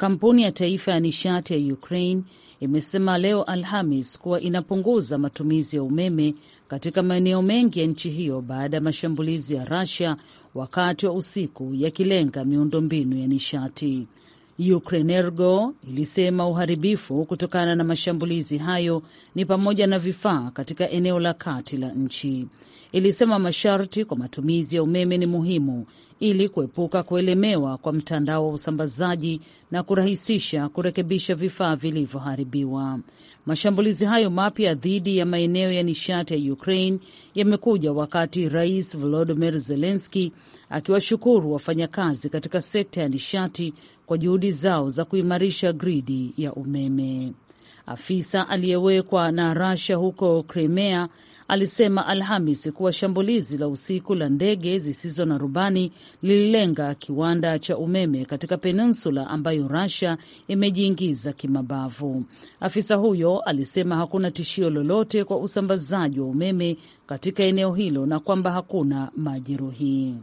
Kampuni ya taifa ya nishati ya Ukraine imesema leo Alhamis kuwa inapunguza matumizi ya umeme katika maeneo mengi ya nchi hiyo baada ya mashambulizi ya Russia wakati wa usiku yakilenga miundombinu ya nishati. Ukrenergo ilisema uharibifu kutokana na mashambulizi hayo ni pamoja na vifaa katika eneo la kati la nchi. Ilisema masharti kwa matumizi ya umeme ni muhimu ili kuepuka kuelemewa kwa mtandao wa usambazaji na kurahisisha kurekebisha vifaa vilivyoharibiwa. Mashambulizi hayo mapya dhidi ya maeneo ya nishati ya Ukraine yamekuja wakati Rais Volodymyr Zelensky akiwashukuru wafanyakazi katika sekta ya nishati kwa juhudi zao za kuimarisha gridi ya umeme. Afisa aliyewekwa na Russia huko Crimea alisema Alhamis kuwa shambulizi la usiku la ndege zisizo na rubani lililenga kiwanda cha umeme katika peninsula ambayo rasha imejiingiza kimabavu. Afisa huyo alisema hakuna tishio lolote kwa usambazaji wa umeme katika eneo hilo na kwamba hakuna majeruhi.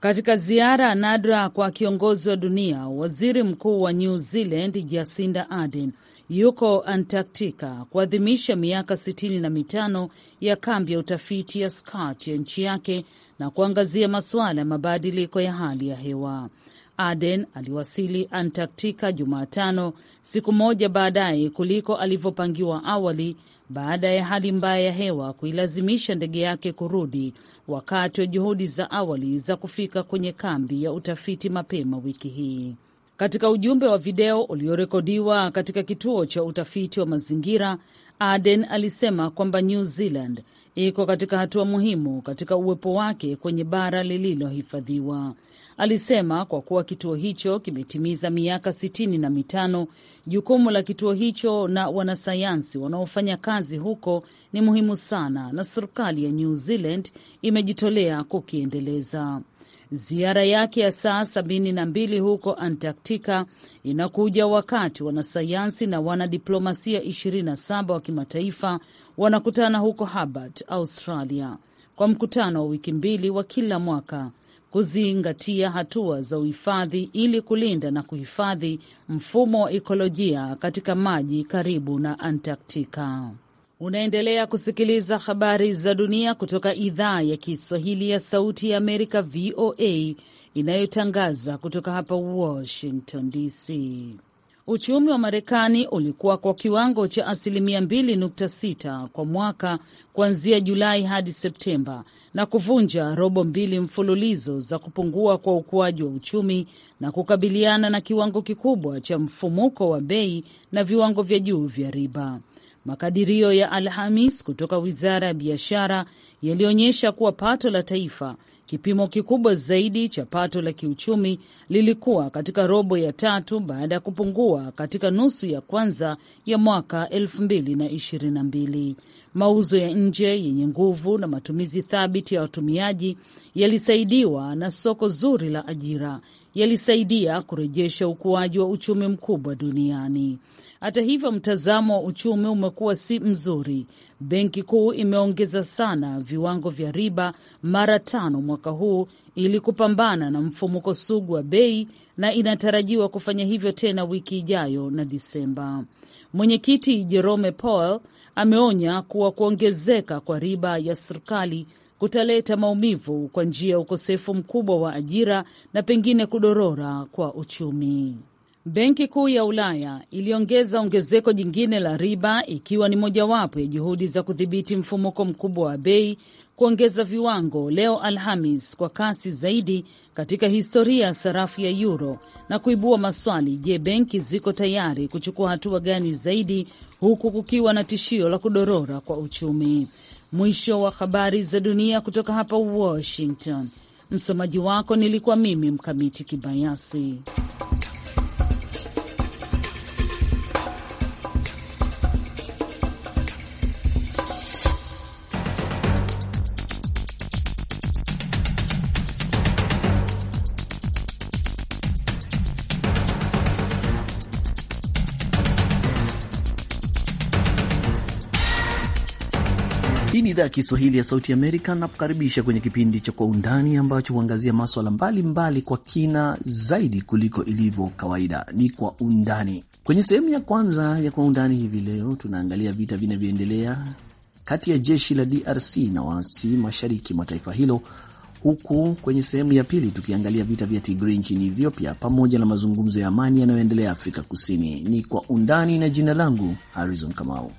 Katika ziara nadra kwa kiongozi wa dunia, waziri mkuu wa New Zealand Jacinda Ardern yuko Antaktika kuadhimisha miaka sitini na mitano ya kambi ya utafiti ya Scott ya nchi yake na kuangazia masuala ya mabadiliko ya hali ya hewa. Aden aliwasili Antaktika Jumatano, siku moja baadaye kuliko alivyopangiwa awali, baada ya hali mbaya ya hewa kuilazimisha ndege yake kurudi wakati wa juhudi za awali za kufika kwenye kambi ya utafiti mapema wiki hii. Katika ujumbe wa video uliorekodiwa katika kituo cha utafiti wa mazingira, Aden alisema kwamba New Zealand iko katika hatua muhimu katika uwepo wake kwenye bara lililohifadhiwa. Alisema kwa kuwa kituo hicho kimetimiza miaka sitini na mitano, jukumu la kituo hicho na wanasayansi wanaofanya kazi huko ni muhimu sana, na serikali ya New Zealand imejitolea kukiendeleza. Ziara yake ya saa sabini na mbili huko Antarktika inakuja wakati wanasayansi na wanadiplomasia 27 wa kimataifa wanakutana huko Hobart, Australia, kwa mkutano wa wiki mbili wa kila mwaka kuzingatia hatua za uhifadhi ili kulinda na kuhifadhi mfumo wa ikolojia katika maji karibu na Antarktika. Unaendelea kusikiliza habari za dunia kutoka idhaa ya Kiswahili ya Sauti ya Amerika, VOA, inayotangaza kutoka hapa Washington DC. Uchumi wa Marekani ulikuwa kwa kiwango cha asilimia 2.6 kwa mwaka kuanzia Julai hadi Septemba na kuvunja robo mbili mfululizo za kupungua kwa ukuaji wa uchumi na kukabiliana na kiwango kikubwa cha mfumuko wa bei na viwango vya juu vya riba. Makadirio ya Alhamis kutoka wizara ya biashara yalionyesha kuwa pato la taifa, kipimo kikubwa zaidi cha pato la kiuchumi, lilikuwa katika robo ya tatu baada ya kupungua katika nusu ya kwanza ya mwaka 2022. Mauzo ya nje yenye nguvu na matumizi thabiti ya watumiaji yalisaidiwa na soko zuri la ajira yalisaidia kurejesha ukuaji wa uchumi mkubwa duniani. Hata hivyo, mtazamo wa uchumi umekuwa si mzuri. Benki Kuu imeongeza sana viwango vya riba mara tano mwaka huu ili kupambana na mfumuko sugu wa bei na inatarajiwa kufanya hivyo tena wiki ijayo na Disemba. Mwenyekiti Jerome Powell ameonya kuwa kuongezeka kwa riba ya serikali kutaleta maumivu kwa njia ya ukosefu mkubwa wa ajira na pengine kudorora kwa uchumi. Benki Kuu ya Ulaya iliongeza ongezeko jingine la riba ikiwa ni mojawapo ya juhudi za kudhibiti mfumuko mkubwa wa bei, kuongeza viwango leo Alhamis kwa kasi zaidi katika historia ya sarafu ya euro na kuibua maswali. Je, benki ziko tayari kuchukua hatua gani zaidi huku kukiwa na tishio la kudorora kwa uchumi? Mwisho wa habari za dunia kutoka hapa Washington. Msomaji wako nilikuwa mimi Mkamiti Kibayasi. idhaa ya Kiswahili ya Sauti Amerika na kukaribisha kwenye kipindi cha Kwa Undani ambacho huangazia maswala mbalimbali kwa kina zaidi kuliko ilivyo kawaida. Ni Kwa Undani. Kwenye sehemu ya kwanza ya Kwa Undani hivi leo tunaangalia vita vinavyoendelea kati ya jeshi la DRC na waasi mashariki mwa taifa hilo, huku kwenye sehemu ya pili tukiangalia vita vya Tigray nchini Ethiopia pamoja na mazungumzo ya amani yanayoendelea Afrika Kusini. Ni Kwa Undani na jina langu Harrison Kamau.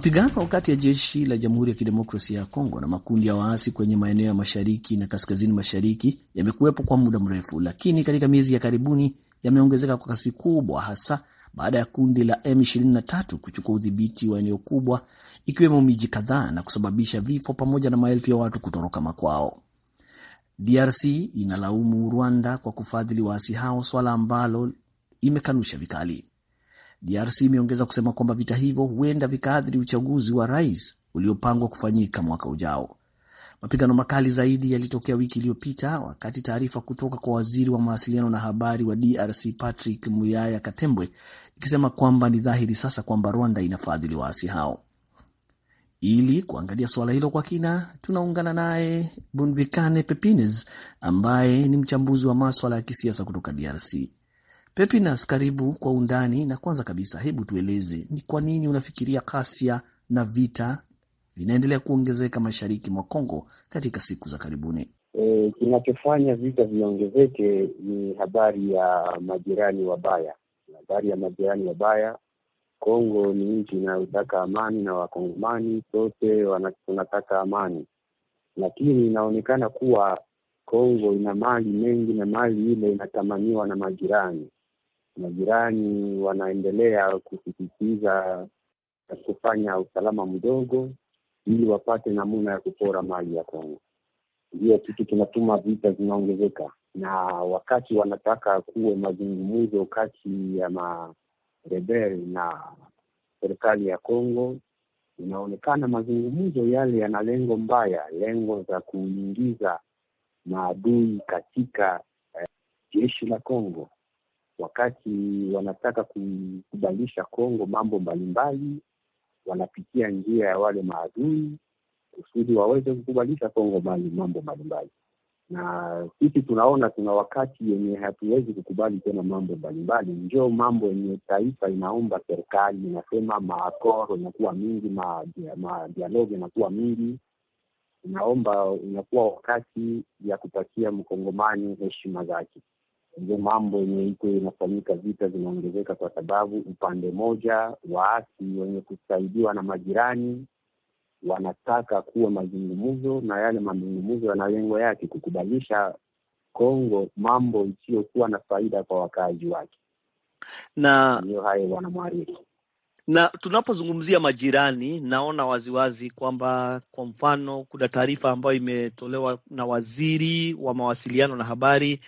Mapigano kati ya jeshi la Jamhuri ya Kidemokrasia ya Kongo na makundi ya waasi kwenye maeneo ya mashariki na kaskazini mashariki yamekuwepo kwa muda mrefu, lakini katika miezi ya karibuni yameongezeka kwa kasi kubwa, hasa baada ya kundi la M23 kuchukua udhibiti wa eneo kubwa, ikiwemo miji kadhaa na kusababisha vifo pamoja na maelfu ya watu kutoroka makwao. DRC inalaumu Rwanda kwa kufadhili waasi hao, swala ambalo imekanusha vikali. DRC imeongeza kusema kwamba vita hivyo huenda vikaathiri uchaguzi wa rais uliopangwa kufanyika mwaka ujao. Mapigano makali zaidi yalitokea wiki iliyopita wakati taarifa kutoka kwa waziri wa mawasiliano na habari wa DRC Patrick Muyaya Katembwe ikisema kwamba ni dhahiri sasa kwamba Rwanda inafadhili waasi hao. Ili kuangalia suala hilo kwa kina, tunaungana naye Bunvikane Pepines ambaye ni mchambuzi wa maswala ya kisiasa kutoka DRC. Pepinas, karibu kwa undani. Na kwanza kabisa, hebu tueleze ni kwa nini unafikiria ghasia na vita vinaendelea kuongezeka mashariki mwa Kongo katika siku za karibuni? E, kinachofanya vita viongezeke ni habari ya majirani wabaya, habari ya majirani wabaya. Kongo ni nchi inayotaka amani na wakongomani sote tunataka amani, lakini inaonekana kuwa Kongo ina mali mengi na mali ile inatamaniwa na majirani. Majirani wanaendelea kusisitiza kufanya usalama mdogo ili wapate namuna ya kupora mali ya Kongo. Ndiyo kitu kinatuma vita zinaongezeka, na wakati wanataka kuwe mazungumzo kati ya marebel na serikali ya Kongo, inaonekana mazungumzo yale yana lengo mbaya, lengo za kuingiza maadui katika eh, jeshi la Kongo wakati wanataka kubadilisha Kongo mambo mbalimbali, wanapitia njia ya wale maadui kusudi waweze kukubalisha Kongo mambo mbalimbali. Na sisi tunaona tuna wakati yenye hatuwezi kukubali tena mambo mbalimbali, njo mambo yenye taifa inaomba serikali, inasema maakoro inakuwa mingi, madialogi inakuwa mingi, inaomba inakuwa wakati ya kupatia mkongomani heshima zake ndio mambo yenye iko inafanyika, vita zinaongezeka kwa sababu upande moja waasi wenye kusaidiwa na majirani wanataka kuwa mazungumzo, na yale mazungumzo yana lengo yake kukubalisha Kongo mambo isiyokuwa na faida kwa wakaaji wake, na ndio hayo bwana Na tunapozungumzia majirani, naona waziwazi kwamba kwa mfano kuna taarifa ambayo imetolewa na waziri wa mawasiliano na habari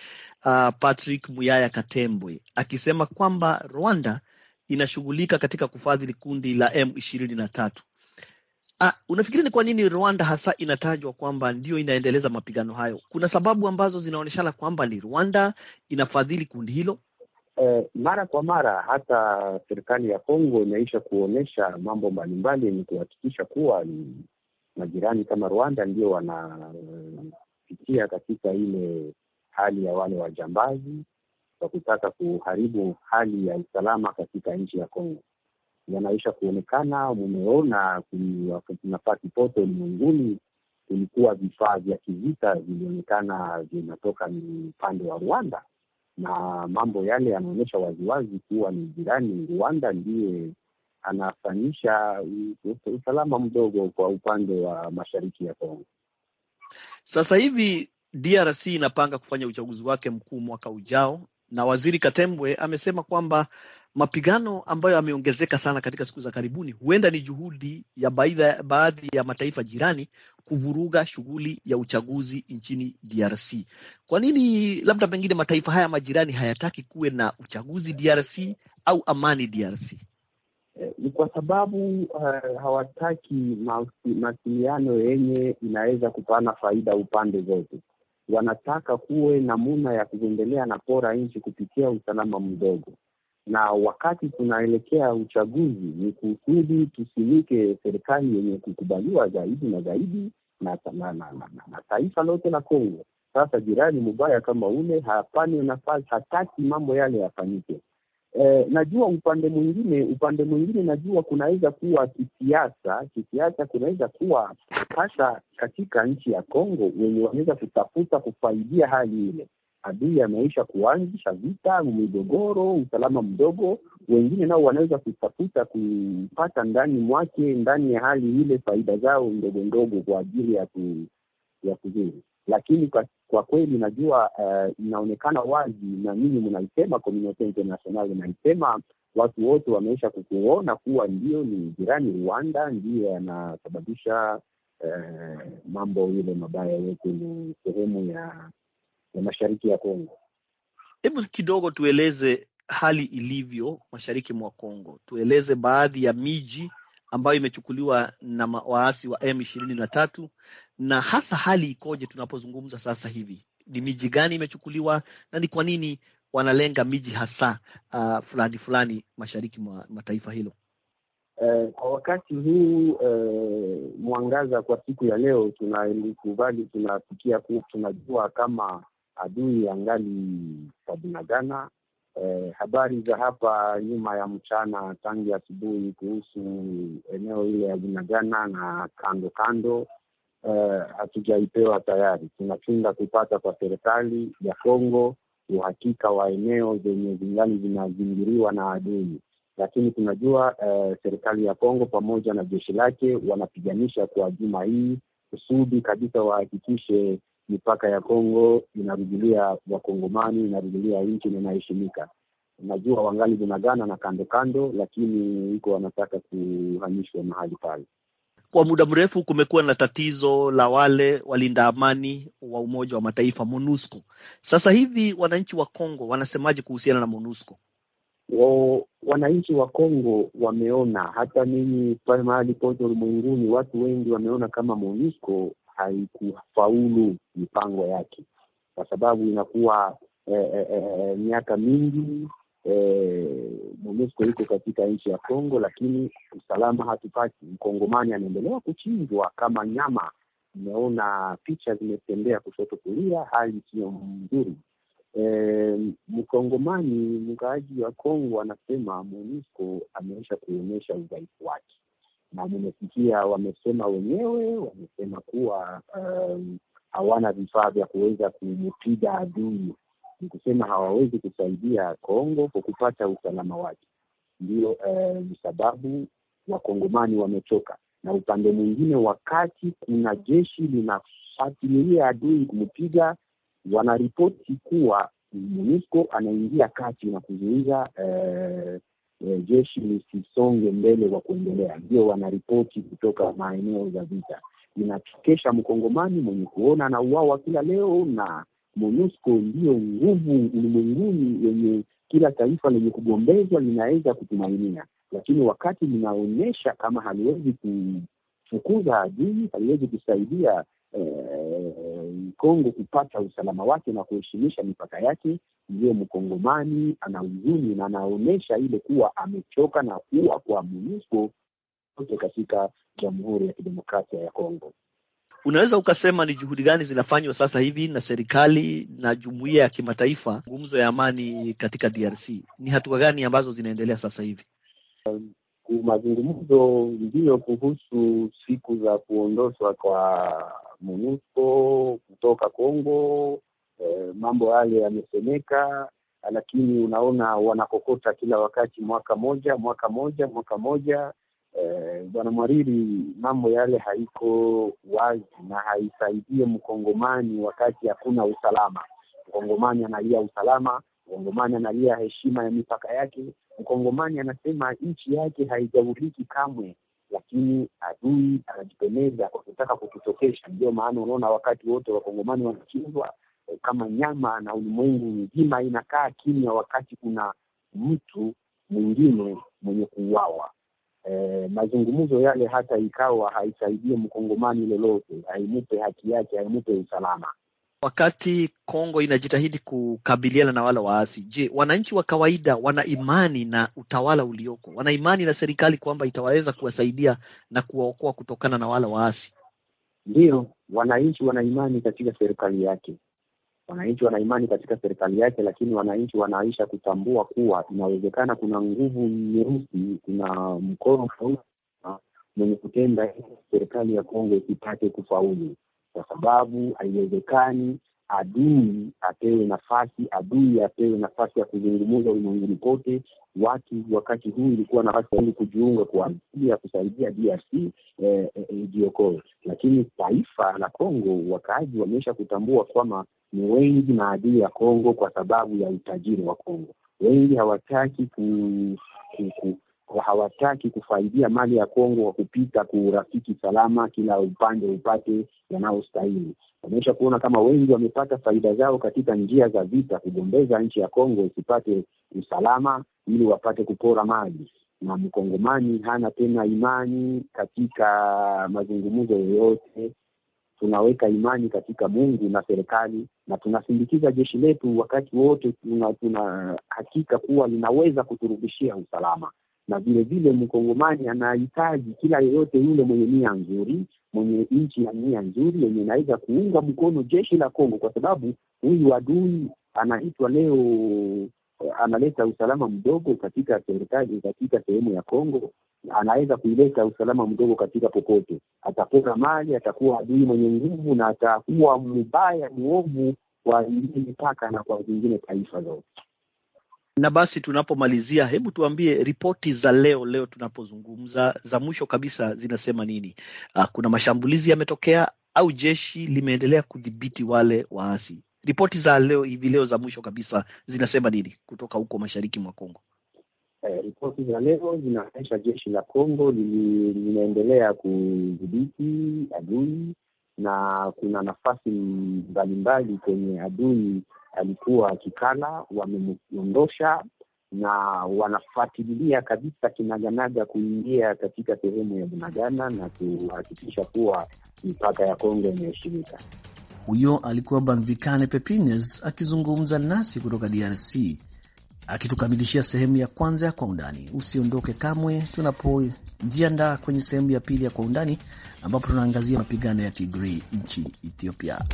uh, Patrick Muyaya Katembwe akisema kwamba Rwanda inashughulika katika kufadhili kundi la M23. Uh, ah, unafikiri ni kwa nini Rwanda hasa inatajwa kwamba ndio inaendeleza mapigano hayo? Kuna sababu ambazo zinaonyeshana kwamba ni Rwanda inafadhili kundi hilo? Eh, mara kwa mara hata serikali ya Kongo inaisha kuonyesha mambo mbalimbali ni kuhakikisha kuwa ni majirani kama Rwanda ndio wanapitia katika ile hali ya wale wajambazi wa kutaka kuharibu hali ya usalama katika nchi ya Kongo yanaisha kuonekana. Mumeona nafasi pote ulimwenguni kulikuwa vifaa vya kivita vilionekana vinatoka ni upande wa Rwanda, na mambo yale yanaonyesha waziwazi kuwa ni jirani. Rwanda ndiye anafanyisha usalama mdogo kwa upande wa mashariki ya Kongo. Sasa hivi DRC inapanga kufanya uchaguzi wake mkuu mwaka ujao, na waziri Katembwe amesema kwamba mapigano ambayo yameongezeka sana katika siku za karibuni huenda ni juhudi ya baadhi ya mataifa jirani kuvuruga shughuli ya uchaguzi nchini DRC. Kwa nini labda pengine mataifa haya majirani hayataki kuwe na uchaguzi DRC au amani DRC? Ni kwa sababu uh, hawataki mawasiliano yenye inaweza kupana faida upande zote wanataka kuwe namuna ya kuendelea na pora nchi kupitia usalama mdogo, na wakati tunaelekea uchaguzi, ni kusudi tusimike serikali yenye kukubaliwa zaidi na zaidi na, na, na, na, na taifa lote la Kongo. Sasa jirani mubaya kama ule hapane nafasi, hataki mambo yale yafanyike eh, najua upande mwingine, upande mwingine najua kunaweza kuwa kisiasa, kisiasa kunaweza kuwa hasa katika nchi ya Kongo wenye wanaweza kutafuta kufaidia hali ile. Adui ameisha kuanzisha vita, migogoro, usalama mdogo. Wengine nao wanaweza kutafuta kupata ndani mwake, ndani ya hali ile, faida zao ndogo ndogo kwa ajili ya ku, ya kuzuru, lakini kwa kwa kweli najua uh, inaonekana wazi na nyinyi mnaisema, community international inaisema, watu wote wameisha kukuona kuwa ndio ni jirani Rwanda ndiyo yanasababisha uh, eh, mambo ile mabaya yetu ni sehemu ya, ya mashariki ya Kongo. Hebu kidogo tueleze hali ilivyo mashariki mwa Kongo, tueleze baadhi ya miji ambayo imechukuliwa na waasi wa M23 na hasa hali ikoje tunapozungumza sasa hivi? Ni miji gani imechukuliwa na ni kwa nini wanalenga miji hasa uh, fulani fulani mashariki mwa, mataifa taifa hilo? Eh, kwa wakati huu eh, mwangaza kwa siku ya leo tunalikubali, tunafikia kuwa tunajua kama adui angali kabinagana Eh, habari za hapa nyuma ya mchana tangu asubuhi kuhusu eneo ile ya Bunagana na kando kando eh, hatujaipewa eh, tayari. Tunapinga kupata kwa serikali ya Kongo uhakika wa eneo zenye zingani zinazingiriwa na adui, lakini tunajua eh, serikali ya Kongo pamoja na jeshi lake wanapiganisha kwa juma hii kusudi kabisa wahakikishe mipaka ya Kongo inarudilia Wakongomani, inarudilia nchi na inaheshimika. Najua wangali gunagana na kando kando, lakini iko wanataka kuhamishwa mahali pale. Kwa muda mrefu kumekuwa na tatizo la wale walinda amani wa Umoja wa Mataifa, MONUSCO. Sasa hivi wananchi wa Kongo wanasemaje kuhusiana na MONUSCO? Wananchi wa Kongo wameona, hata mimi pale mahali pote ulimwenguni, watu wengi wameona kama MONUSCO haikufaulu mipango yake, kwa sababu inakuwa miaka eh, eh, e, mingi e, MONUSCO iko katika nchi ya Kongo, lakini usalama hatupati. Mkongomani anaendelea kuchinjwa kama nyama. Imeona picha zimetembea kushoto kulia, hali siyo mzuri. E, mkongomani mkaaji wa Kongo anasema MONUSCO ameisha kuonyesha udhaifu wake na nimesikia wamesema wenyewe, wamesema kuwa um, hawana vifaa vya kuweza kumpiga adui, ni kusema hawawezi kusaidia Kongo kwa kupata usalama wake. Ndio um, sababu wakongomani wamechoka, na upande mwingine, wakati kuna jeshi linafatilia adui kumpiga, wanaripoti kuwa MONUSCO anaingia kati na kuzuiza um, E, jeshi lisisonge mbele kwa kuendelea, ndio wanaripoti kutoka maeneo za vita. Inachokesha mkongomani mwenye kuona na uawa kila leo, na MONUSCO ndiyo nguvu ulimwenguni yenye kila taifa lenye kugombezwa linaweza kutumainia, lakini wakati linaonyesha kama haliwezi kufukuza adui, haliwezi kusaidia e, Kongo kupata usalama wake na kuheshimisha mipaka yake, ndio Mkongomani, ana huzuni na anaonyesha ile kuwa amechoka na kuwa kwa MONUSCO kote katika Jamhuri ya Kidemokrasia ya Kongo. Unaweza ukasema ni juhudi gani zinafanywa sasa hivi na serikali na jumuiya ya kimataifa gumzo ya amani katika DRC? Ni hatua gani ambazo zinaendelea sasa hivi? Um, mazungumzo ndiyo kuhusu siku za kuondoshwa kwa MONUSCO kutoka Kongo e, mambo yale yamesemeka, lakini unaona wanakokota kila wakati, mwaka moja mwaka moja mwaka moja. Eh, Bwana Mwariri, mambo yale haiko wazi na haisaidie Mkongomani wakati hakuna usalama. Mkongomani analia usalama, Mkongomani analia heshima ya mipaka yake, Mkongomani anasema nchi yake haijauriki kamwe, lakini adui anajipemeza kwa kutaka kututokesha. Ndio maana unaona wakati wote wakongomani wanachinjwa, Eh, kama nyama na ulimwengu mzima inakaa kimya wakati kuna mtu mwingine mwenye kuuawa. E, mazungumzo yale hata ikawa haisaidie mkongomani lolote, haimupe haki yake, haimupe usalama. Wakati Kongo inajitahidi kukabiliana na wale waasi, je, wananchi wa kawaida wana imani na utawala ulioko? Wana imani na serikali kwamba itawaweza kuwasaidia na kuwaokoa kutokana na wale waasi? Ndiyo, wananchi wana imani katika serikali yake, Wananchi wana imani katika serikali yake, lakini wananchi wanaisha kutambua kuwa inawezekana kuna nguvu nyeusi, kuna mkono mweusi mwenye kutenda serikali ya Kongo isipate kufaulu, kwa sababu haiwezekani adui apewe nafasi, adui apewe nafasi ya kuzungumza ulimwenguni kote. Watu wakati huu ilikuwa nafasi ili kujiunga ya kusaidia DRC eh, eh, eh lakini taifa la Kongo wakaaji wameisha kutambua kwamba ni wengi maadili ya Kongo kwa sababu ya utajiri wa Kongo. Wengi hawataki ku, ku, ku hawataki kufaidia mali ya Kongo kwa kupita kurafiki salama, kila upande upate yanayostahili. Wameisha kuona kama wengi wamepata faida zao katika njia za vita, kugombeza nchi ya Kongo isipate usalama ili wapate kupora mali, na mkongomani hana tena imani katika mazungumzo yoyote tunaweka imani katika Mungu na serikali na tunasindikiza jeshi letu wakati wote, tuna, tuna hakika kuwa linaweza kuturudishia usalama. Na vile vile mkongomani anahitaji kila yeyote yule mwenye nia nzuri, mwenye nchi ya nia nzuri, yenye inaweza kuunga mkono jeshi la Kongo, kwa sababu huyu adui anaitwa leo analeta usalama mdogo katika serikali, katika sehemu ya Kongo, anaweza kuileta usalama mdogo katika popote. atapora mali, atakuwa adui mwenye nguvu, na atakuwa mbaya mwovu kwa ingine mipaka na kwa zingine taifa zote. Na basi tunapomalizia, hebu tuambie ripoti za leo leo tunapozungumza, za mwisho kabisa zinasema nini? Ah, kuna mashambulizi yametokea au jeshi limeendelea kudhibiti wale waasi? Ripoti za leo hivi leo za mwisho kabisa zinasema nini kutoka huko mashariki mwa Kongo? Eh, ripoti za leo zinaonyesha jeshi la Kongo linaendelea kudhibiti adui na kuna nafasi mbalimbali kwenye adui alikuwa akikala, wamemondosha na wanafuatilia kabisa kinaganaga kuingia katika sehemu ya Bunagana na kuhakikisha kuwa mipaka ya Kongo imeheshimika. Huyo alikuwa Banvikane Pepines akizungumza nasi kutoka DRC akitukamilishia sehemu ya kwanza ya Kwa Undani. Usiondoke kamwe, tunapojiandaa kwenye sehemu ya pili ya Kwa Undani ambapo tunaangazia mapigano ya Tigrei nchini Ethiopia.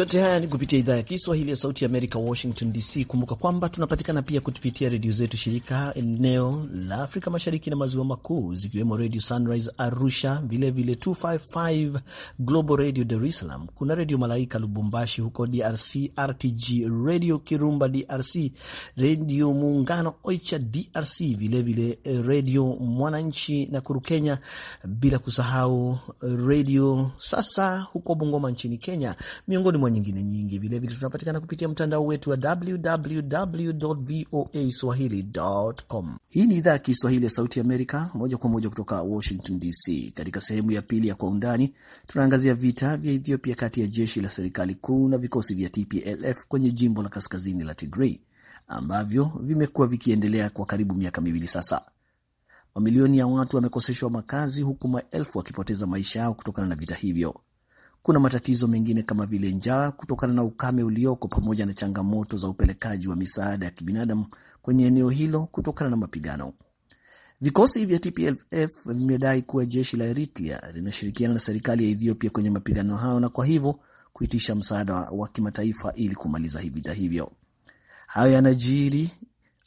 Yote haya ni kupitia idhaa ya Kiswahili ya Sauti ya Amerika, Washington DC. Kumbuka kwamba tunapatikana pia kupitia redio zetu shirika eneo la Afrika Mashariki na Maziwa Makuu, zikiwemo Redio Sunrise Arusha, vilevile 255 Global Radio Dar es Salaam, kuna Redio Malaika Lubumbashi huko DRC, RTG Radio Kirumba DRC, Redio Muungano Oicha DRC, vilevile eh, Redio Mwananchi na Kuru Kenya, bila kusahau eh, Redio Sasa huko Bungoma nchini Kenya, miongoni mwa nyingine nyingi. Vilevile tunapatikana kupitia mtandao wetu wa www.voaswahili.com. Hii ni idhaa ya Kiswahili ya Sauti Amerika, moja kwa moja kutoka Washington DC. Katika sehemu ya pili ya Kwa Undani tunaangazia vita vya Ethiopia kati ya jeshi la serikali kuu na vikosi vya TPLF kwenye jimbo la kaskazini la Tigray ambavyo vimekuwa vikiendelea kwa karibu miaka miwili sasa. Mamilioni ya watu wamekoseshwa makazi huku maelfu wakipoteza maisha yao kutokana na vita hivyo. Kuna matatizo mengine kama vile njaa kutokana na ukame ulioko pamoja na changamoto za upelekaji wa misaada ya kibinadamu kwenye eneo hilo kutokana na mapigano. Vikosi vya TPLF vimedai kuwa jeshi la Eritrea linashirikiana na serikali ya Ethiopia kwenye mapigano hayo na kwa hivyo kuitisha msaada wa kimataifa ili kumaliza vita hivyo. Hayo yanajiri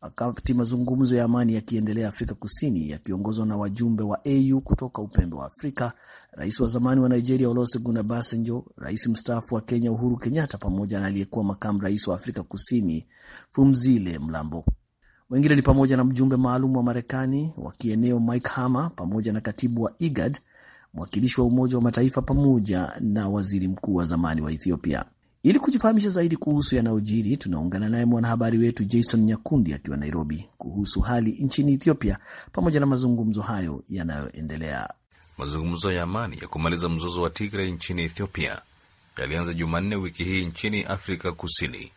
wakati mazungumzo ya amani yakiendelea Afrika Kusini yakiongozwa na wajumbe wa AU kutoka upembe wa Afrika, rais wa zamani wa Nigeria Olusegun Obasanjo, rais mstaafu wa Kenya Uhuru Kenyatta pamoja na aliyekuwa makamu rais wa Afrika Kusini Fumzile Mlambo. Wengine ni pamoja na mjumbe maalum wa Marekani wa kieneo Mike Hammer pamoja na katibu wa IGAD, mwakilishi wa Umoja wa Mataifa pamoja na waziri mkuu wa zamani wa Ethiopia. Ili kujifahamisha zaidi kuhusu yanayojiri, tunaungana naye mwanahabari wetu Jason Nyakundi akiwa Nairobi kuhusu hali nchini Ethiopia pamoja na mazungumzo hayo yanayoendelea. Mazungumzo ya amani ya kumaliza mzozo wa Tigray nchini Ethiopia yalianza Jumanne wiki hii nchini Afrika Kusini.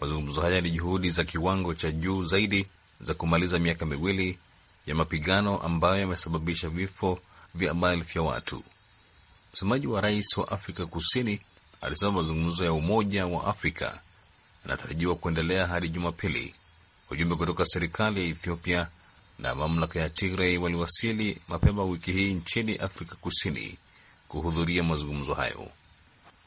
Mazungumzo haya ni juhudi za kiwango cha juu zaidi za kumaliza miaka miwili ya mapigano ambayo yamesababisha vifo vya maelfu ya watu. Msemaji wa rais wa Afrika Kusini alisema mazungumzo ya Umoja wa Afrika yanatarajiwa kuendelea hadi Jumapili. Wajumbe kutoka serikali ya Ethiopia na mamlaka ya Tigray waliwasili mapema wiki hii nchini Afrika Kusini kuhudhuria mazungumzo hayo.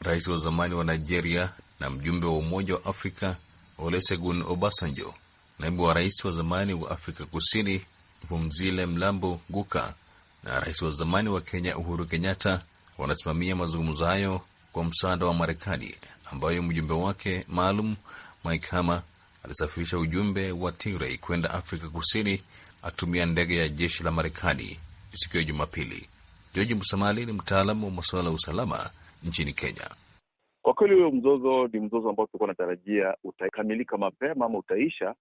Rais wa zamani wa Nigeria na mjumbe wa Umoja wa Afrika Olusegun Obasanjo, naibu wa rais wa zamani wa Afrika Kusini Vumzile Mlambo Guka na rais wa zamani wa Kenya Uhuru Kenyatta wanasimamia mazungumzo hayo kwa msaada wa Marekani, ambayo mjumbe wake maalum Mike Hammer alisafirisha ujumbe wa Tigray kwenda Afrika Kusini akitumia ndege ya jeshi la Marekani siku ya Jumapili. George Msamali ni mtaalamu wa masuala ya usalama nchini Kenya. Kwa kweli huyo mzozo ni mzozo ambao tulikuwa natarajia utakamilika mapema ama utaisha,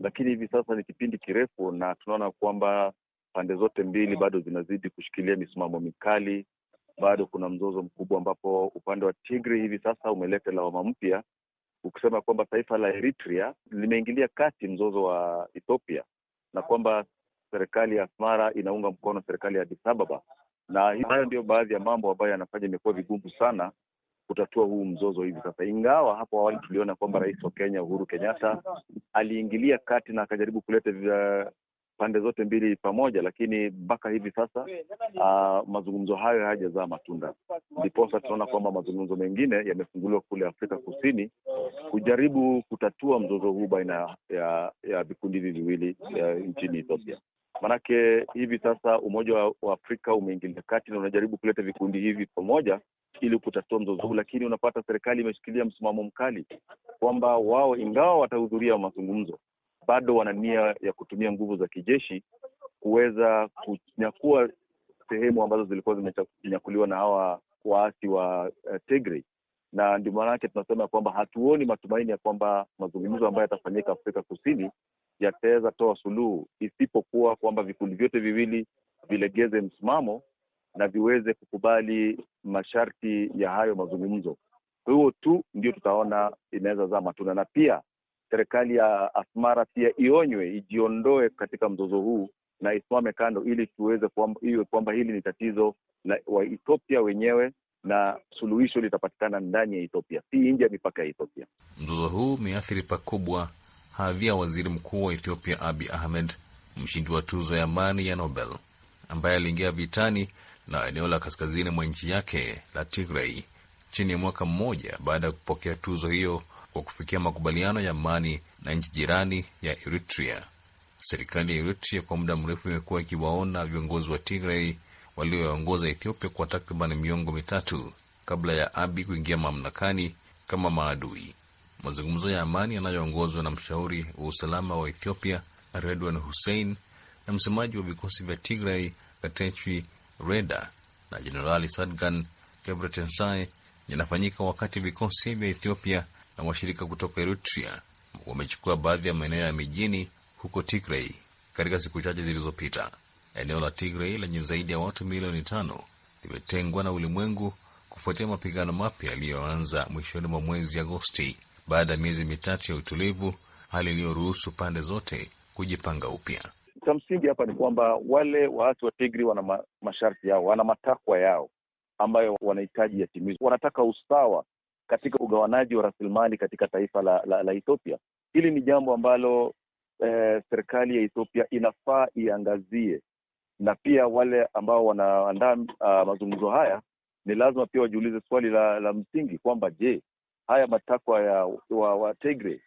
lakini hivi sasa ni kipindi kirefu, na tunaona kwamba pande zote mbili bado zinazidi kushikilia misimamo mikali bado kuna mzozo mkubwa ambapo upande wa Tigri hivi sasa umeleta lawama mpya ukisema kwamba taifa la Eritrea limeingilia kati mzozo wa Ethiopia na kwamba serikali ya Asmara inaunga mkono serikali ya Addis Ababa, na hayo ndio baadhi ya mambo ambayo yanafanya imekuwa vigumu sana kutatua huu mzozo hivi sasa, ingawa hapo awali tuliona kwamba rais wa Kenya Uhuru Kenyatta aliingilia kati na akajaribu kuleta pande zote mbili pamoja, lakini mpaka hivi sasa uh, mazungumzo hayo hayajazaa matunda, ndiposa tunaona kwamba mazungumzo mengine yamefunguliwa kule Afrika Kusini kujaribu kutatua mzozo huu baina ya ya vikundi hivi viwili nchini Ethiopia. Maanake hivi sasa Umoja wa Afrika umeingilia kati na unajaribu kuleta vikundi hivi pamoja ili kutatua mzozo huu, lakini unapata serikali imeshikilia msimamo mkali kwamba wao ingawa watahudhuria mazungumzo bado wana nia ya kutumia nguvu za kijeshi kuweza kunyakua sehemu ambazo zilikuwa zimenyakuliwa na hawa waasi wa uh, Tigray na ndio maanake tunasema kwamba hatuoni matumaini ya kwamba mazungumzo ambayo yatafanyika Afrika Kusini yataweza toa suluhu, isipokuwa kwamba vikundi vyote viwili vilegeze msimamo na viweze kukubali masharti ya hayo mazungumzo. Huo tu ndio tutaona inaweza zaa matunda, na pia serikali ya Asmara pia ionywe, ijiondoe katika mzozo huu na isimame kando, ili tuweze iwe kwamba hili ni tatizo la Waethiopia wenyewe na suluhisho litapatikana ndani ya Ethiopia, si nje ya mipaka ya Ethiopia. Mzozo huu umeathiri pakubwa hadhi ya waziri mkuu wa Ethiopia Abi Ahmed, mshindi wa tuzo ya amani ya Nobel, ambaye aliingia vitani na eneo la kaskazini mwa nchi yake la Tigray chini ya mwaka mmoja baada ya kupokea tuzo hiyo wa kufikia makubaliano ya amani na nchi jirani ya Eritrea. Serikali ya Eritrea kwa muda mrefu imekuwa ikiwaona viongozi wa Tigray walioongoza Ethiopia kwa takriban miongo mitatu kabla ya Abi kuingia mamlakani kama maadui. Mazungumzo ya amani yanayoongozwa na mshauri wa usalama wa Ethiopia Redwan Hussein na msemaji wa vikosi vya Tigray Katechi Reda na Jenerali Sadgan Gebretensai yanafanyika wakati vikosi vya Ethiopia na washirika kutoka Eritrea wamechukua baadhi ya maeneo ya mijini huko Tigray katika siku chache zilizopita. Eneo la Tigray lenye zaidi ya watu milioni tano limetengwa na ulimwengu kufuatia mapigano mapya yaliyoanza mwishoni mwa mwezi Agosti baada ya miezi mitatu ya utulivu, hali iliyoruhusu pande zote kujipanga upya. Cha msingi hapa ni kwamba wale waasi wa Tigri wana ma masharti yao, wana matakwa yao ambayo wanahitaji yatimizwe. Wanataka usawa katika ugawanaji wa rasilimali katika taifa la, la, la Ethiopia. Hili ni jambo ambalo eh, serikali ya Ethiopia inafaa iangazie, na pia wale ambao wanaandaa uh, mazungumzo haya ni lazima pia wajiulize swali la, la msingi kwamba je, haya matakwa ya wa, wa Tigray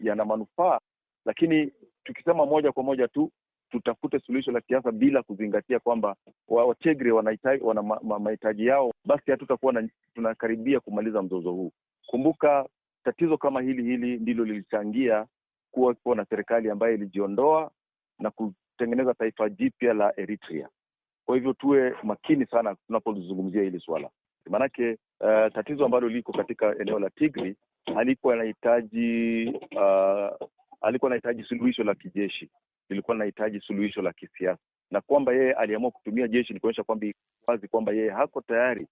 yana manufaa? Lakini tukisema moja kwa moja tu tutafute suluhisho la kisiasa bila kuzingatia kwamba Wategre wanahitaji wana mahitaji yao, basi hatutakuwa tunakaribia kumaliza mzozo huu. Kumbuka tatizo kama hili hili ndilo lilichangia kuwa kuwa na serikali ambayo ilijiondoa na kutengeneza taifa jipya la Eritrea. Kwa hivyo tuwe makini sana tunapozungumzia hili swala, maanake uh, tatizo ambalo liko katika eneo la Tigri alikuwa nahitaji uh, ah, alikuwa anahitaji suluhisho la kijeshi lilikuwa linahitaji suluhisho la kisiasa, na kwamba yeye aliamua kutumia jeshi ni kuonyesha kwamba wazi kwamba yeye hako tayari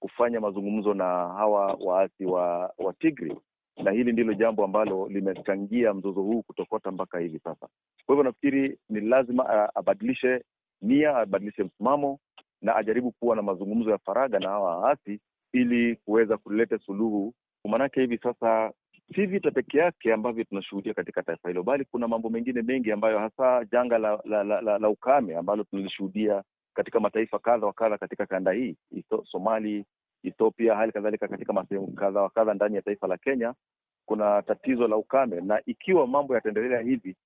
kufanya mazungumzo na hawa waasi wa, wa Tigri, na hili ndilo jambo ambalo limechangia mzozo huu kutokota mpaka hivi sasa. Kwa hivyo nafikiri ni lazima abadilishe nia, abadilishe msimamo na ajaribu kuwa na mazungumzo ya faraga na hawa waasi ili kuweza kuleta suluhu, maanake hivi sasa si vita peke yake ambavyo tunashuhudia katika taifa hilo, bali kuna mambo mengine mengi ambayo hasa janga la, la, la, la, la ukame ambalo tunalishuhudia katika mataifa kadha wa kadha katika kanda hii Ito, Somali, Ethiopia, hali kadhalika katika masehemu kadha wa kadha ndani ya taifa la Kenya kuna tatizo la ukame, na ikiwa mambo yataendelea hivi,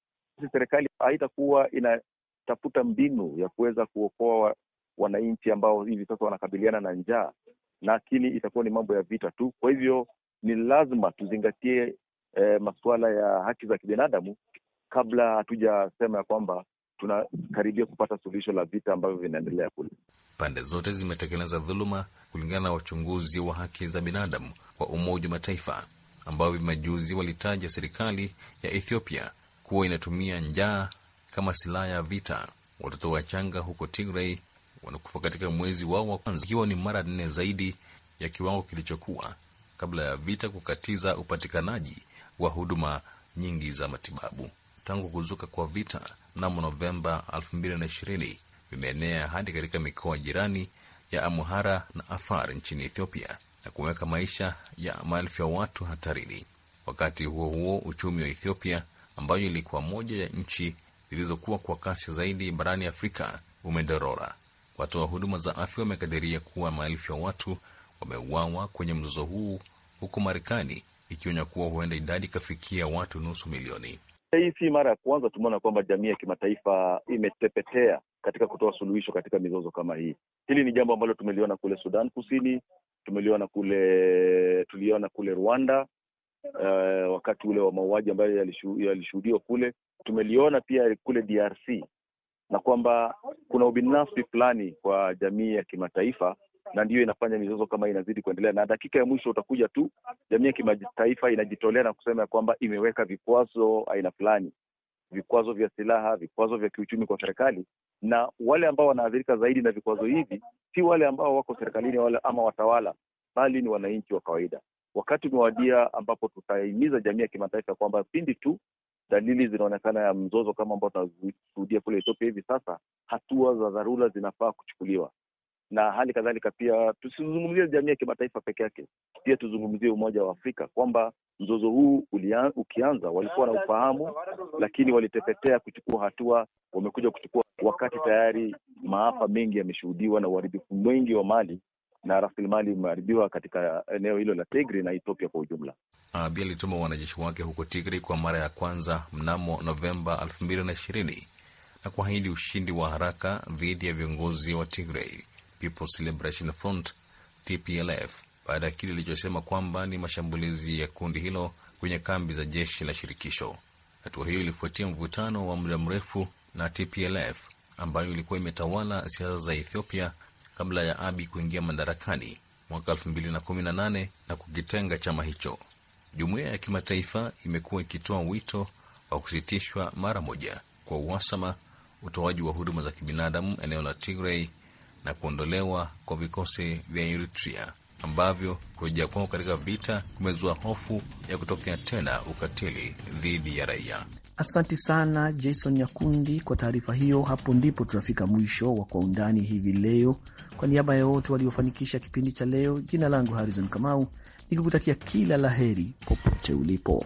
sisi serikali haitakuwa inatafuta mbinu ya kuweza kuokoa wananchi ambao hivi sasa wanakabiliana na njaa, lakini itakuwa ni mambo ya vita tu. Kwa hivyo ni lazima tuzingatie e, masuala ya haki za kibinadamu kabla hatujasema ya kwamba tunakaribia kupata suluhisho la vita ambavyo vinaendelea kule. Pande zote zimetekeleza dhuluma, kulingana na wachunguzi wa haki za binadamu wa Umoja wa Mataifa ambao vimajuzi walitaja serikali ya Ethiopia kuwa inatumia njaa kama silaha ya vita. Watoto wachanga huko Tigray wanakufa katika mwezi wao wa kwanza, ikiwa ni mara nne zaidi ya kiwango kilichokuwa kabla ya vita kukatiza upatikanaji wa huduma nyingi za matibabu. Tangu kuzuka kwa vita mnamo Novemba 2020 vimeenea hadi katika mikoa jirani ya Amhara na Afar nchini Ethiopia na kuweka maisha ya maelfu ya watu hatarini. Wakati huo huo, uchumi wa Ethiopia ambayo ilikuwa moja ya nchi zilizokuwa kwa kasi zaidi barani Afrika umedorora. Watoa huduma za afya wamekadiria kuwa maelfu ya watu wameuawa kwenye mzozo huu huku Marekani ikionya kuwa huenda idadi ikafikia watu nusu milioni. Hii si mara ya kwanza tumeona kwamba jamii ya kimataifa imetepetea katika kutoa suluhisho katika mizozo kama hii. Hili ni jambo ambalo tumeliona kule Sudan Kusini, tumeliona kule tuliona kule Rwanda uh, wakati ule wa mauaji ambayo yalishuhudiwa kule. Tumeliona pia kule DRC na kwamba kuna ubinafsi fulani kwa jamii ya kimataifa na ndiyo inafanya mizozo kama inazidi kuendelea, na dakika ya mwisho utakuja tu jamii ya kimataifa inajitolea na kusema ya kwamba imeweka vikwazo aina fulani, vikwazo vya silaha, vikwazo vya kiuchumi kwa serikali, na wale ambao wanaathirika zaidi na vikwazo hivi si wale ambao wako serikalini wale ama watawala, bali ni wananchi wa kawaida. Wakati umewadia ambapo tutahimiza jamii ya kimataifa kwamba pindi tu dalili zinaonekana ya mzozo kama ambao tunashuhudia kule Ethiopia hivi sasa, hatua za dharura zinafaa kuchukuliwa na hali kadhalika pia tusizungumzie jamii ya kimataifa peke yake, pia tuzungumzie Umoja wa Afrika kwamba mzozo huu ulian, ukianza walikuwa na ufahamu, lakini walitepetea kuchukua hatua. Wamekuja kuchukua wakati tayari maafa mengi yameshuhudiwa na uharibifu mwingi wa mali na rasilimali imeharibiwa katika eneo hilo la Tigri na Ethiopia kwa ujumla. Abiy ah, alituma wanajeshi wake huko Tigri kwa mara ya kwanza mnamo Novemba elfu mbili na ishirini na kuahidi ushindi wa haraka dhidi ya viongozi wa Tigrei. People's Liberation Front TPLF baada ya kile ilichosema kwamba ni mashambulizi ya kundi hilo kwenye kambi za jeshi la shirikisho. Hatua hiyo ilifuatia mvutano wa muda mrefu na TPLF ambayo ilikuwa imetawala siasa za Ethiopia kabla ya Abi kuingia madarakani mwaka 2018 na, na kukitenga chama hicho. Jumuiya ya kimataifa imekuwa ikitoa wito wa kusitishwa mara moja kwa uhasama, utoaji wa huduma za kibinadamu eneo la Tigray na kuondolewa kwa vikosi vya Eritrea ambavyo kurejea kwao katika vita kumezua hofu ya kutokea tena ukatili dhidi ya raia. asanti sana Jason Nyakundi kwa taarifa hiyo. Hapo ndipo tunafika mwisho wa Kwa Undani hivi leo. Kwa niaba ya wote waliofanikisha kipindi cha leo, jina langu Harrison Kamau nikikutakia kila la heri popote ulipo.